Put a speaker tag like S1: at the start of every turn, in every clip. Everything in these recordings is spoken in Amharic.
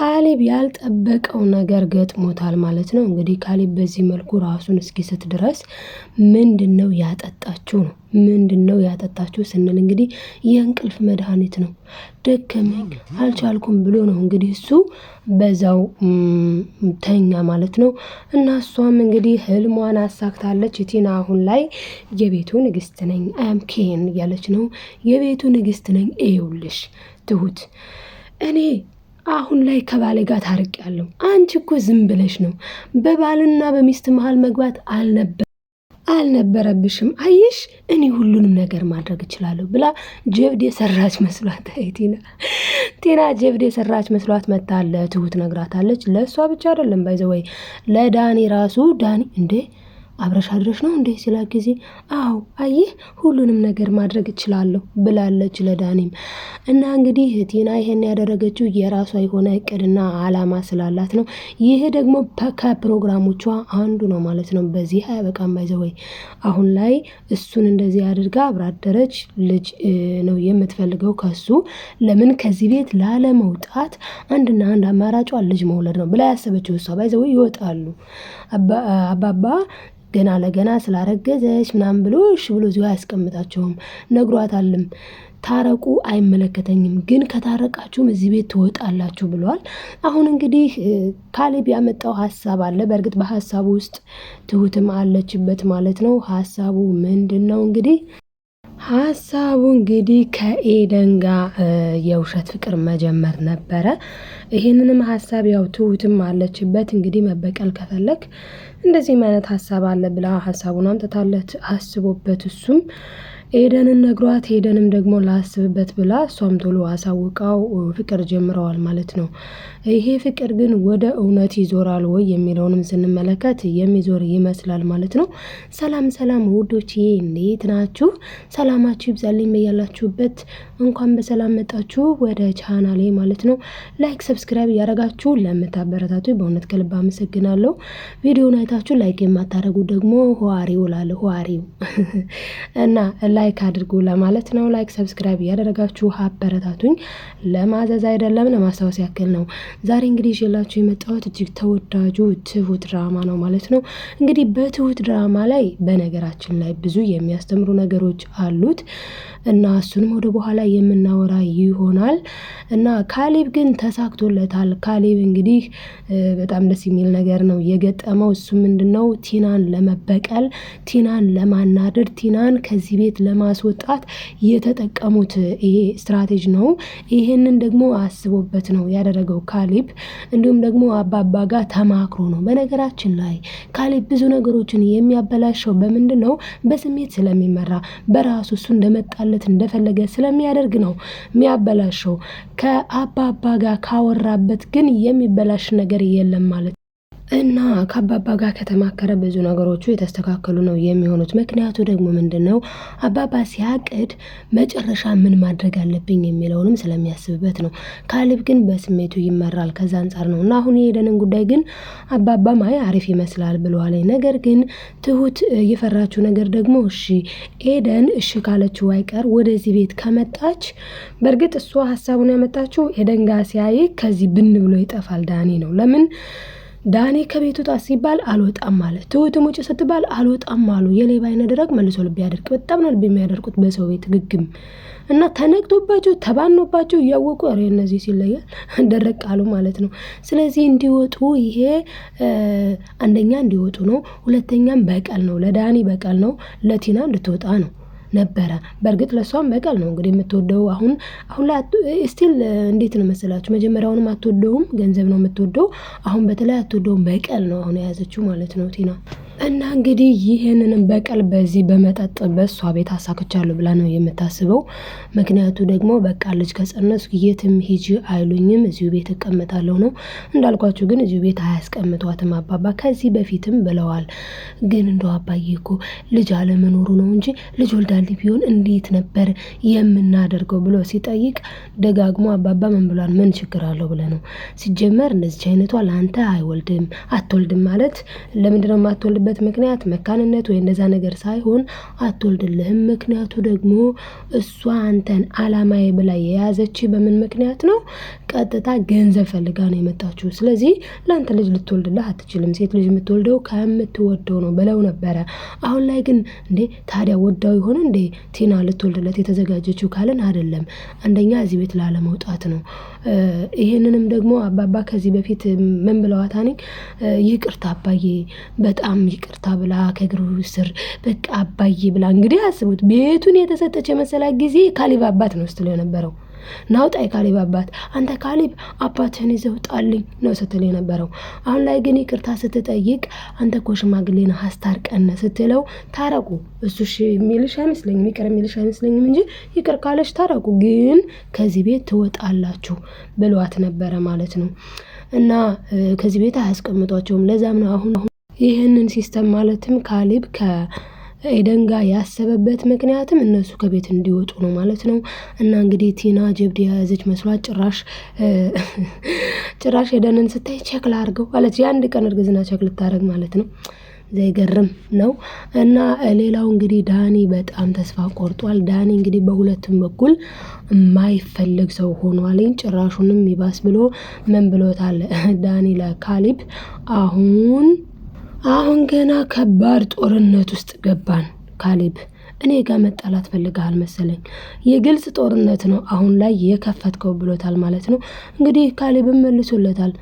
S1: ካሌብ ያልጠበቀው ነገር ገጥሞታል ማለት ነው። እንግዲህ ካሌብ በዚህ መልኩ ራሱን እስኪስት ድረስ ምንድን ነው ያጠጣችሁ ነው ምንድን ነው ያጠጣችሁ ስንል እንግዲህ የእንቅልፍ መድኃኒት ነው። ደከመኝ አልቻልኩም ብሎ ነው እንግዲህ እሱ በዛው ተኛ ማለት ነው። እና እሷም እንግዲህ ህልሟን አሳክታለች። ቲና አሁን ላይ የቤቱ ንግስት ነኝ አም ኬን እያለች ነው። የቤቱ ንግስት ነኝ እየውልሽ ትሁት እኔ አሁን ላይ ከባሌ ጋር ታርቄያለሁ። አንቺ እኮ ዝም ብለሽ ነው። በባልና በሚስት መሃል መግባት አልነበረ አልነበረብሽም። አየሽ እኔ ሁሉንም ነገር ማድረግ እችላለሁ ብላ ጀብድ የሰራች መስሏት ቲና ቲና ጀብድ የሰራች መስሏት መታለ ትሁት ነግራታለች። ለእሷ ብቻ አይደለም ባይዘወይ ለዳኒ ራሱ ዳኒ እንዴ አብረሽ አድረሽ ነው እንዴ ሲላ ጊዜ አዎ አየህ ሁሉንም ነገር ማድረግ እችላለሁ ብላለች ለዳኒም። እና እንግዲህ ቲና ይሄን ያደረገችው የራሷ የሆነ እቅድና አላማ ስላላት ነው። ይሄ ደግሞ ከፕሮግራሞቿ አንዱ ነው ማለት ነው። በዚህ አያበቃም። ባይዘወይ አሁን ላይ እሱን እንደዚህ አድርጋ አብራደረች ልጅ ነው የምትፈልገው ከሱ ለምን ከዚህ ቤት ላለመውጣት አንድና አንድ አማራጯ ልጅ መውለድ ነው ብላ ያሰበችው እሷ። ባይዘወይ ይወጣሉ አባባ ገና ለገና ስላረገዘች ምናምን ብሎ እሺ ብሎ እዚሁ አያስቀምጣቸውም። ነግሯታልም ታረቁ፣ አይመለከተኝም፣ ግን ከታረቃችሁም እዚህ ቤት ትወጣላችሁ ብለዋል። አሁን እንግዲህ ካሌብ ያመጣው ሀሳብ አለ። በእርግጥ በሀሳቡ ውስጥ ትሁትም አለችበት ማለት ነው። ሀሳቡ ምንድን ነው እንግዲህ ሀሳቡ እንግዲህ ከኤደን ጋር የውሸት ፍቅር መጀመር ነበረ። ይህንንም ሀሳብ ያው ትሁትም አለችበት። እንግዲህ መበቀል ከፈለግ እንደዚህም አይነት ሀሳብ አለ ብላ ሀሳቡን አምጥታለት አስቦበት እሱም ኤደንን ነግሯት ኤደንም ደግሞ ላስብበት ብላ እሷም ቶሎ አሳውቃው ፍቅር ጀምረዋል ማለት ነው። ይሄ ፍቅር ግን ወደ እውነት ይዞራል ወይ የሚለውንም ስንመለከት የሚዞር ይመስላል ማለት ነው። ሰላም ሰላም ውዶችዬ፣ እንዴት ናችሁ? ሰላማችሁ ይብዛልኝ በያላችሁበት። እንኳን በሰላም መጣችሁ ወደ ቻናሌ ማለት ነው። ላይክ፣ ሰብስክራይብ እያደረጋችሁ ለምታበረታቱ በእውነት ከልብ አመሰግናለሁ። ቪዲዮን አይታችሁ ላይክ የማታደረጉ ደግሞ ሆዋሪው ላለ ሆዋሪው እና ላይክ አድርጉ ለማለት ነው። ላይክ ሰብስክራይብ እያደረጋችሁ አበረታቱኝ። ለማዘዝ አይደለም ለማስታወስ ያክል ነው። ዛሬ እንግዲህ ይዤላችሁ የመጣሁት እጅግ ተወዳጁ ትሁት ድራማ ነው ማለት ነው። እንግዲህ በትሁት ድራማ ላይ በነገራችን ላይ ብዙ የሚያስተምሩ ነገሮች አሉት እና እሱንም ወደ በኋላ የምናወራ ይሆናል እና ካሌብ ግን ተሳክቶለታል። ካሌብ እንግዲህ በጣም ደስ የሚል ነገር ነው የገጠመው። እሱ ምንድን ነው ቲናን ለመበቀል ቲናን ለማናደድ ቲናን ከዚህ ቤት ለማስወጣት የተጠቀሙት ይሄ ስትራቴጂ ነው። ይህንን ደግሞ አስቦበት ነው ያደረገው ካሊብ። እንዲሁም ደግሞ አባባ ጋር ተማክሮ ነው። በነገራችን ላይ ካሊብ ብዙ ነገሮችን የሚያበላሸው በምንድን ነው? በስሜት ስለሚመራ በራሱ እሱ እንደመጣለት እንደፈለገ ስለሚያደርግ ነው የሚያበላሸው። ከአባባ ጋር ካወራበት ግን የሚበላሽ ነገር የለም ማለት እና ከአባባ ጋር ከተማከረ ብዙ ነገሮቹ የተስተካከሉ ነው የሚሆኑት። ምክንያቱ ደግሞ ምንድን ነው አባባ ሲያቅድ መጨረሻ ምን ማድረግ አለብኝ የሚለውንም ስለሚያስብበት ነው። ካሌብ ግን በስሜቱ ይመራል። ከዛ አንጻር ነው እና አሁን የሄደንን ጉዳይ ግን አባባ ማይ አሪፍ ይመስላል ብለዋል። ነገር ግን ትሁት የፈራችው ነገር ደግሞ እሺ ኤደን እሺ ካለችው አይቀር ወደዚህ ቤት ከመጣች በእርግጥ እሷ ሀሳቡን ያመጣችው ኤደን ጋር ሲያይ ከዚህ ብን ብሎ ይጠፋል ዳኒ ነው ለምን ዳኔ ከቤት ውጣ ሲባል አልወጣም ማለት፣ ትሁትም ውጭ ስትባል አልወጣም አሉ። የሌባ አይነ ደረግ መልሶ ልብ ያደርቅ። በጣም ነው ልብ የሚያደርቁት በሰው ቤት ግግም እና ተነግቶባቸው ተባኖባቸው እያወቁ ሬ እነዚህ ሲለያል ደረቅ አሉ ማለት ነው። ስለዚህ እንዲወጡ ይሄ አንደኛ እንዲወጡ ነው፣ ሁለተኛም በቀል ነው። ለዳኒ በቀል ነው፣ ለቲና እንድትወጣ ነው። ነበረ። በእርግጥ ለእሷም በቀል ነው እንግዲህ የምትወደው። አሁን አሁን ላይ ስቲል እንዴት ነው መሰላችሁ፣ መጀመሪያውንም አትወደውም፣ ገንዘብ ነው የምትወደው። አሁን በተለይ አትወደውም፣ በቀል ነው አሁን የያዘችው ማለት ነው ቲና። እና እንግዲህ ይህንንም በቀል በዚህ በመጠጥ በእሷ ቤት አሳክቻለሁ ብላ ነው የምታስበው። ምክንያቱ ደግሞ በቃ ልጅ ከጸነሱ የትም ሂጂ አይሉኝም እዚሁ ቤት እቀምጣለሁ ነው። እንዳልኳችሁ ግን እዚሁ ቤት አያስቀምጧትም አባባ ከዚህ በፊትም ብለዋል። ግን እንደው አባዬ እኮ ልጅ አለመኖሩ ነው እንጂ ልጅ ወልዳልኝ ቢሆን እንዴት ነበር የምናደርገው ብሎ ሲጠይቅ ደጋግሞ አባባ ምን ብሏል? ምን ችግር አለው ብለ ነው ሲጀመር እንደዚች አይነቷ ለአንተ አይወልድም አትወልድም ማለት ለምንድነው የማትወልድበት የሆነበት ምክንያት መካንነት ወይ ነገር ሳይሆን አትወልድልህም። ምክንያቱ ደግሞ እሷ አንተን አላማዬ ብላ የያዘች በምን ምክንያት ነው? ቀጥታ ገንዘብ ፈልጋ ነው የመጣችው። ስለዚህ ለአንተ ልጅ ልትወልድልህ አትችልም፣ ሴት ልጅ የምትወልደው ከምትወደው ነው ብለው ነበረ። አሁን ላይ ግን እንዴ ታዲያ ወዳው ይሆን እንዴ ቲና ልትወልድለት የተዘጋጀችው ካልን አይደለም። አንደኛ እዚህ ቤት ላለመውጣት ነው። ይህንንም ደግሞ አባባ ከዚህ በፊት ምን ብለዋታኒ? ይቅርታ አባዬ በጣም ይቅርታ ብላ ከእግሩ ስር በቃ አባዬ ብላ እንግዲህ አስቡት፣ ቤቱን የተሰጠች የመሰላት ጊዜ ካሊብ አባት ነው ስትለው የነበረው ናውጣ የካሊብ አባት አንተ ካሊብ አባትህን ይዘህ ነው ስትል የነበረው። አሁን ላይ ግን ይቅርታ ስትጠይቅ አንተ እኮ ሽማግሌ ስትለው ታረቁ። እሱ የሚልሽ አይመስለኝም፣ ይቅር የሚልሽ አይመስለኝም እንጂ ይቅር ካለሽ ታረቁ፣ ግን ከዚህ ቤት ትወጣላችሁ ብሏት ነበረ ማለት ነው። እና ከዚህ ቤት አያስቀምጧቸውም። ለዛም ነው አሁን ይህንን ሲስተም ማለትም ካሊብ ከኤደን ጋር ያሰበበት ምክንያትም እነሱ ከቤት እንዲወጡ ነው ማለት ነው። እና እንግዲህ ቲና ጀብድ የያዘች መስሏት ጭራሽ ጭራሽ ኤደንን ስታይ ቼክ ላርገው ማለት የአንድ ቀን እርግዝና ቼክ ልታደረግ ማለት ነው። ዘይገርም ነው። እና ሌላው እንግዲህ ዳኒ በጣም ተስፋ ቆርጧል። ዳኒ እንግዲህ በሁለቱም በኩል የማይፈለግ ሰው ሆኗልኝ። ጭራሹንም ይባስ ብሎ ምን ብሎታል ዳኒ ለካሊብ አሁን አሁን ገና ከባድ ጦርነት ውስጥ ገባን። ካሌብ እኔ ጋር መጣላት ፈልገሃል መሰለኝ። የግልጽ ጦርነት ነው አሁን ላይ የከፈትከው ብሎታል ማለት ነው። እንግዲህ ካሌብም መልሶለታል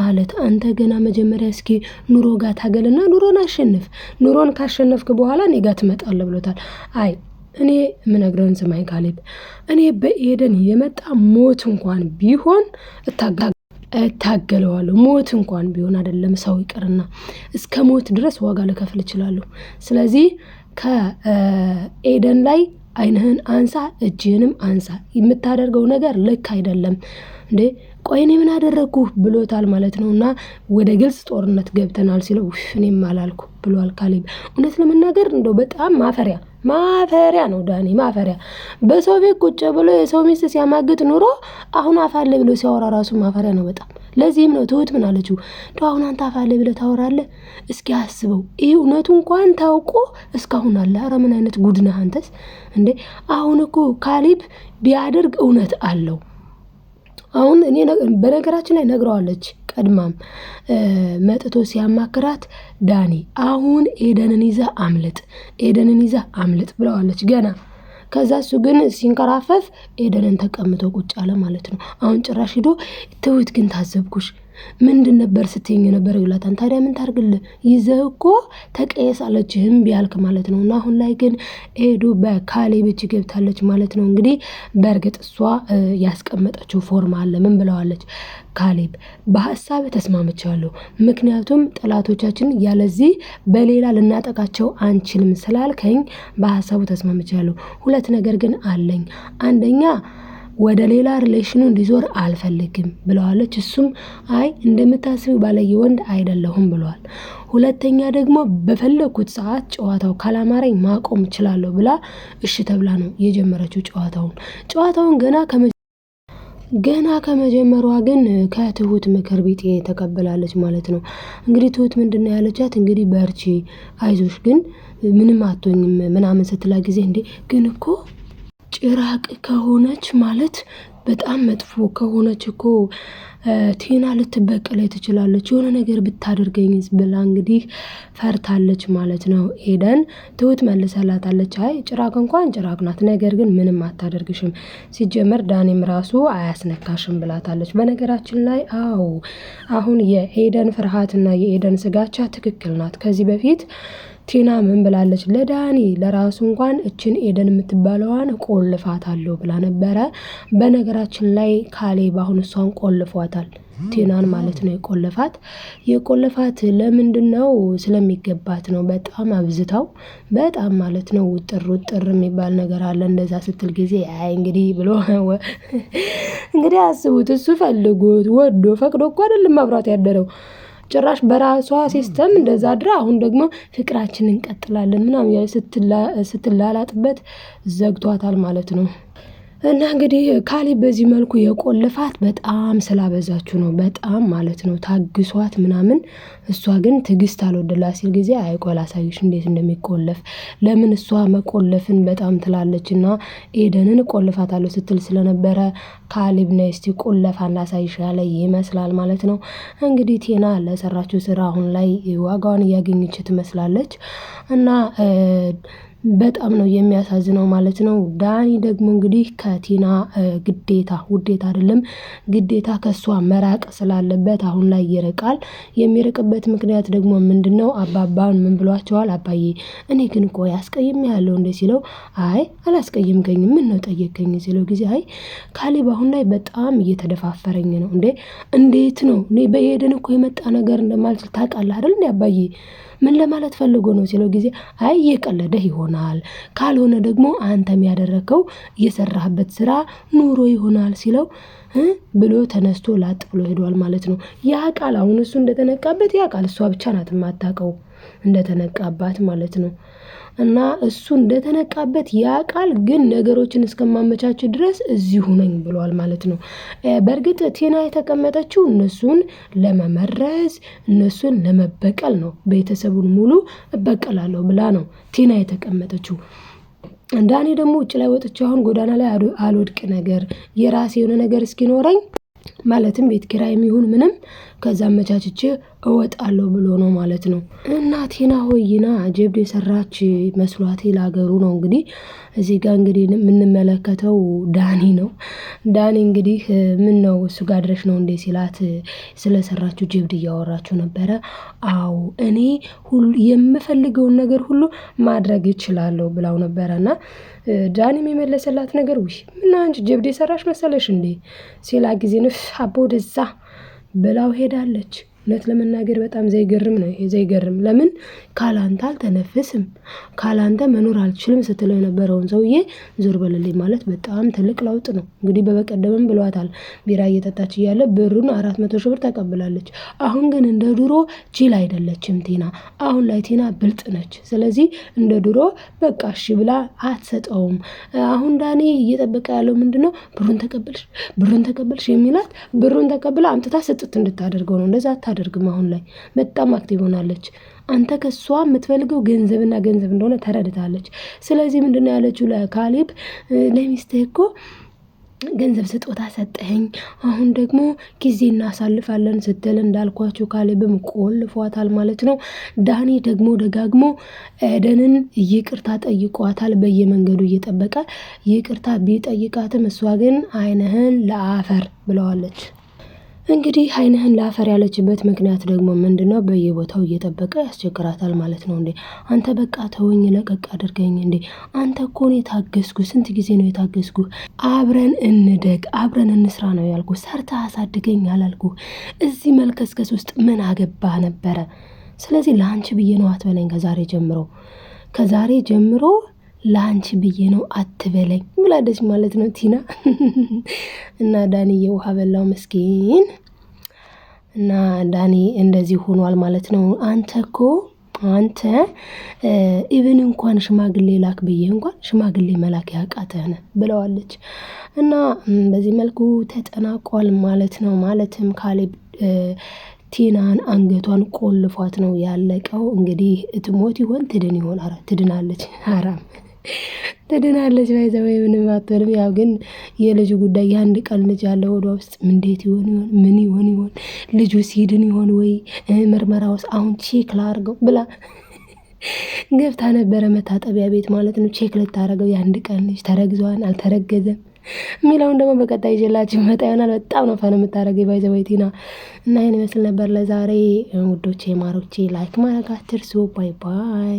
S1: ማለት አንተ ገና መጀመሪያ እስኪ ኑሮ ጋር ታገልና ኑሮን አሸንፍ፣ ኑሮን ካሸነፍክ በኋላ እኔ ጋር ትመጣለ ብሎታል። አይ እኔ የምነግረውን ስማይ ካሌብ፣ እኔ በኤደን የመጣ ሞት እንኳን ቢሆን እታጋ እታገለዋለሁ። ሞት እንኳን ቢሆን አይደለም ሰው ይቅርና እስከ ሞት ድረስ ዋጋ ልከፍል እችላለሁ። ስለዚህ ከኤደን ላይ አይንህን አንሳ፣ እጅህንም አንሳ። የምታደርገው ነገር ልክ አይደለም እንዴ ቆይ እኔ ምን አደረግኩ ብሎታል ማለት ነው። እና ወደ ግልጽ ጦርነት ገብተናል ሲለው እኔም አላልኩ ብሏል ካሌብ። እውነት ለመናገር እንደው በጣም ማፈሪያ ማፈሪያ ነው ዳኒ ማፈሪያ። በሰው ቤት ቁጭ ብሎ የሰው ሚስት ሲያማግጥ ኑሮ አሁን አፋለ ብሎ ሲያወራ ራሱ ማፈሪያ ነው በጣም። ለዚህም ነው ትሁት ምን አለችው? አሁን አንተ አፋለ ብለ ታወራለ። እስኪ አስበው፣ ይህ እውነቱ እንኳን ታውቆ እስካሁን አለ። ኧረ ምን አይነት ጉድና አንተስ እንዴ! አሁን እኮ ካሊብ ቢያደርግ እውነት አለው። አሁን እኔ በነገራችን ላይ ነግረዋለች ቀድማም መጥቶ ሲያማክራት ዳኒ አሁን ኤደንን ይዛ አምልጥ፣ ኤደንን ይዛ አምልጥ ብለዋለች ገና። ከዛ እሱ ግን ሲንከራፈፍ ኤደንን ተቀምጦ ቁጭ አለ ማለት ነው። አሁን ጭራሽ ሂዶ ትሁት ግን ታዘብኩሽ ምንድን ነበር ስትይኝ ነበር ይላታል። ታዲያ ምን ታርግል ይዘህ እኮ ተቀየስ አለችህም ቢያልክ ማለት ነው። እና አሁን ላይ ግን ኤዱ በካሌብ እጅ ገብታለች ማለት ነው። እንግዲህ በእርግጥ እሷ ያስቀመጠችው ፎርም አለ። ምን ብለዋለች? ካሌብ በሀሳብ ተስማምቻለሁ፣ ምክንያቱም ጠላቶቻችን ያለዚህ በሌላ ልናጠቃቸው አንችልም ስላልከኝ በሀሳቡ ተስማምቻለሁ። ሁለት ነገር ግን አለኝ አንደኛ ወደ ሌላ ሪሌሽኑ እንዲዞር አልፈልግም ብለዋለች። እሱም አይ እንደምታስቢው ባለየ ወንድ አይደለሁም ብለዋል። ሁለተኛ ደግሞ በፈለግኩት ሰዓት ጨዋታው ካላማረኝ ማቆም እችላለሁ ብላ እሺ ተብላ ነው የጀመረችው ጨዋታውን ጨዋታውን ገና ገና ከመጀመሯ ግን ከትሁት ምክር ቤት ተቀበላለች ማለት ነው። እንግዲህ ትሁት ምንድን ነው ያለቻት? እንግዲህ በርቺ አይዞሽ፣ ግን ምንም አቶኝም ምናምን ስትላ ጊዜ እንዴ ግን እኮ ጭራቅ ከሆነች ማለት በጣም መጥፎ ከሆነች እኮ ቲና ልትበቀለኝ ትችላለች። የሆነ ነገር ብታደርገኝ ብላ እንግዲህ ፈርታለች ማለት ነው። ሄደን ትሁት መልሰላታለች። አይ ጭራቅ እንኳን ጭራቅ ናት፣ ነገር ግን ምንም አታደርግሽም፣ ሲጀመር ዳኔም ራሱ አያስነካሽም ብላታለች። በነገራችን ላይ አዎ አሁን የሄደን ፍርሃትና የሄደን ስጋቻ ትክክል ናት። ከዚህ በፊት ቲና ምን ብላለች? ለዳኒ ለራሱ እንኳን እችን ኤደን የምትባለዋን ቆልፋታለሁ ብላ ነበረ። በነገራችን ላይ ካሌ በአሁኑ እሷን ቆልፏታል። ቲናን ማለት ነው የቆለፋት የቆለፋት ለምንድን ነው? ስለሚገባት ነው። በጣም አብዝታው በጣም ማለት ነው ውጥር ውጥር የሚባል ነገር አለ። እንደዛ ስትል ጊዜ አይ እንግዲህ ብሎ እንግዲህ አስቡት። እሱ ፈልጎት ወዶ ፈቅዶ እኮ አይደለም አብሯት ያደረው ጭራሽ በራሷ ሲስተም እንደዛ አድራ አሁን ደግሞ ፍቅራችን እንቀጥላለን ምናምን ስትላላጥበት ዘግቷታል ማለት ነው። እና እንግዲህ ካሌብ በዚህ መልኩ የቆልፋት በጣም ስላበዛችሁ ነው፣ በጣም ማለት ነው ታግሷት ምናምን። እሷ ግን ትዕግስት አልወደላ ሲል ጊዜ አይቆል አሳይሽ እንዴት እንደሚቆለፍ ለምን እሷ መቆለፍን በጣም ትላለች። እና ኤደንን እቆልፋታለሁ ስትል ስለነበረ ካሌብ ነይ እስቲ ቆለፋ ላሳይሽ ያለ ይመስላል ማለት ነው። እንግዲህ ቴና ለሰራችው ስራ አሁን ላይ ዋጋዋን እያገኘች ትመስላለች እና በጣም ነው የሚያሳዝነው ማለት ነው። ዳኒ ደግሞ እንግዲህ ከቲና ግዴታ ውዴታ አይደለም ግዴታ ከእሷ መራቅ ስላለበት አሁን ላይ ይርቃል። የሚርቅበት ምክንያት ደግሞ ምንድን ነው? አባባን ምን ብሏቸዋል? አባዬ እኔ ግን ቆይ አስቀይም ያለው እንደ ሲለው አይ አላስቀይምከኝ ምን ነው ጠየቀኝ ሲለው ጊዜ አይ ካሌብ አሁን ላይ በጣም እየተደፋፈረኝ ነው። እንዴ እንዴት ነው እኔ በሄደን እኮ የመጣ ነገር እንደማልችል ታውቃለህ አይደል እንዴ አባዬ ምን ለማለት ፈልጎ ነው ሲለው ጊዜ አይ እየቀለደህ ይሆናል፣ ካልሆነ ደግሞ አንተም የሚያደረከው እየሰራህበት ስራ ኑሮ ይሆናል ሲለው ብሎ ተነስቶ ላጥ ብሎ ሄዷል ማለት ነው። ያ ቃል አሁን እሱ እንደተነቃበት ያ ቃል እሷ ብቻ ናት የማታውቀው። እንደተነቃባት ማለት ነው። እና እሱ እንደተነቃበት ያ ቃል ግን ነገሮችን እስከማመቻች ድረስ እዚሁ ነኝ ብሏል ማለት ነው። በእርግጥ ቴና የተቀመጠችው እነሱን ለመመረዝ እነሱን ለመበቀል ነው ቤተሰቡን ሙሉ እበቀላለሁ ብላ ነው ቴና የተቀመጠችው። እንዳኔ ደግሞ ውጭ ላይ ወጥቼ አሁን ጎዳና ላይ አልወድቅ ነገር የራሴ የሆነ ነገር እስኪኖረኝ ማለትም ቤት ኪራይም የሚሆን ምንም ከዛ አመቻችቼ እወጣለሁ ብሎ ነው ማለት ነው። እና ሆይና ጀብድ የሰራች መስሏቴ ለሀገሩ ነው እንግዲህ። እዚህ ጋር እንግዲህ የምንመለከተው ዳኒ ነው። ዳኒ እንግዲህ ምን ነው እሱ ጋር ድረሽ ነው እንዴ ሲላት ስለሰራችሁ ጀብድ እያወራችሁ ነበረ። አዎ እኔ የምፈልገውን ነገር ሁሉ ማድረግ እችላለሁ ብላው እና ዳኒም የመለሰላት ነገር ውይ ምና አንቺ ጀብድ የሰራሽ መሰለሽ እንዴ ሲላ ጊዜ ንፍ አቦ ደዛ ብላው ሄዳለች። እውነት ለመናገር በጣም ዘይገርም ነው። ይሄ ዘይገርም ለምን ካላንተ አልተነፍስም፣ ካላንተ መኖር አልችልም ስትለው የነበረውን ሰውዬ ዞር በልልኝ ማለት በጣም ትልቅ ለውጥ ነው። እንግዲህ በበቀደምም ብሏታል። ቢራ እየጠጣች እያለ ብሩን አራት መቶ ሺህ ብር ተቀብላለች። አሁን ግን እንደ ድሮ ጅል አይደለችም ቲና። አሁን ላይ ቲና ብልጥ ነች። ስለዚህ እንደ ድሮ በቃ እሺ ብላ አትሰጠውም። አሁን ዳኔ እየጠበቀ ያለው ምንድን ነው? ብሩን ተቀበልሽ፣ ብሩን ተቀብልሽ የሚላት ብሩን ተቀብላ አምጥታ ስጥት እንድታደርገው ነው። እንደዛ አታደርግም። አሁን ላይ በጣም አክቲቭ ሆናለች። አንተ ከሷ የምትፈልገው ገንዘብና ገንዘብ እንደሆነ ተረድታለች። ስለዚህ ምንድነው ያለችው ለካሌብ ለሚስትህ እኮ ገንዘብ ስጦታ ሰጠኸኝ፣ አሁን ደግሞ ጊዜ እናሳልፋለን ስትል እንዳልኳቸው ካሌብም ቆልፏታል ማለት ነው። ዳኒ ደግሞ ደጋግሞ ኤደንን ይቅርታ ጠይቋታል፣ በየመንገዱ እየጠበቀ ይቅርታ ቢጠይቃትም እሷ ግን አይንህን ለአፈር ብለዋለች። እንግዲህ አይንህን ለአፈር ያለችበት ምክንያት ደግሞ ምንድነው? በየቦታው እየጠበቀ ያስቸግራታል ማለት ነው። እንዴ አንተ በቃ ተወኝ፣ ለቀቅ አድርገኝ። እንዴ አንተ እኮ ነው የታገስኩ፣ ስንት ጊዜ ነው የታገስኩ? አብረን እንደግ፣ አብረን እንስራ ነው ያልኩ። ሰርተ አሳድገኝ አላልኩ? እዚህ መልከስከስ ውስጥ ምን አገባ ነበረ? ስለዚህ ለአንቺ ብዬ ነው አትበለኝ። ከዛሬ ጀምሮ ከዛሬ ጀምሮ ለአንቺ ብዬ ነው አትበለኝ ብላለች ማለት ነው ቲና እና ዳኒ የውሃ በላው መስኪን እና ዳኒ እንደዚህ ሆኗል ማለት ነው። አንተ እኮ አንተ ኢቨን እንኳን ሽማግሌ ላክ ብዬ እንኳን ሽማግሌ መላክ ያቃተነ ብለዋለች። እና በዚህ መልኩ ተጠናቋል ማለት ነው። ማለትም ካሌብ ቲናን አንገቷን ቆልፏት ነው ያለቀው። እንግዲህ ትሞት ይሆን ትድን ይሆን? ትድናለች። አራም ትድናለች ባይዛ ወይ ምንም አትሆንም። ያው ግን የልጁ ጉዳይ የአንድ ቀን ልጅ ያለ ወዷ ውስጥ እንዴት ይሆን ይሆን ምን ይሆን ይሆን ልጁ ሲድን ይሆን ወይ ምርመራ ውስጥ አሁን ቼክ ላርገው ብላ ገብታ ነበረ መታጠቢያ ቤት ማለት ነው። ቼክ ልታደረገው የአንድ ቀን ልጅ ተረግዘዋን አልተረገዘም የሚለውን ደግሞ በቀጣይ ይዤላችሁ መጣ ይሆናል። በጣም ነው ፈን የምታደርገው ባይዘወይ ቲና እና ይህን ይመስል ነበር ለዛሬ ውዶቼ፣ ማሮቼ ላይክ ማድረግ አትርሱ። ባይ ባይ።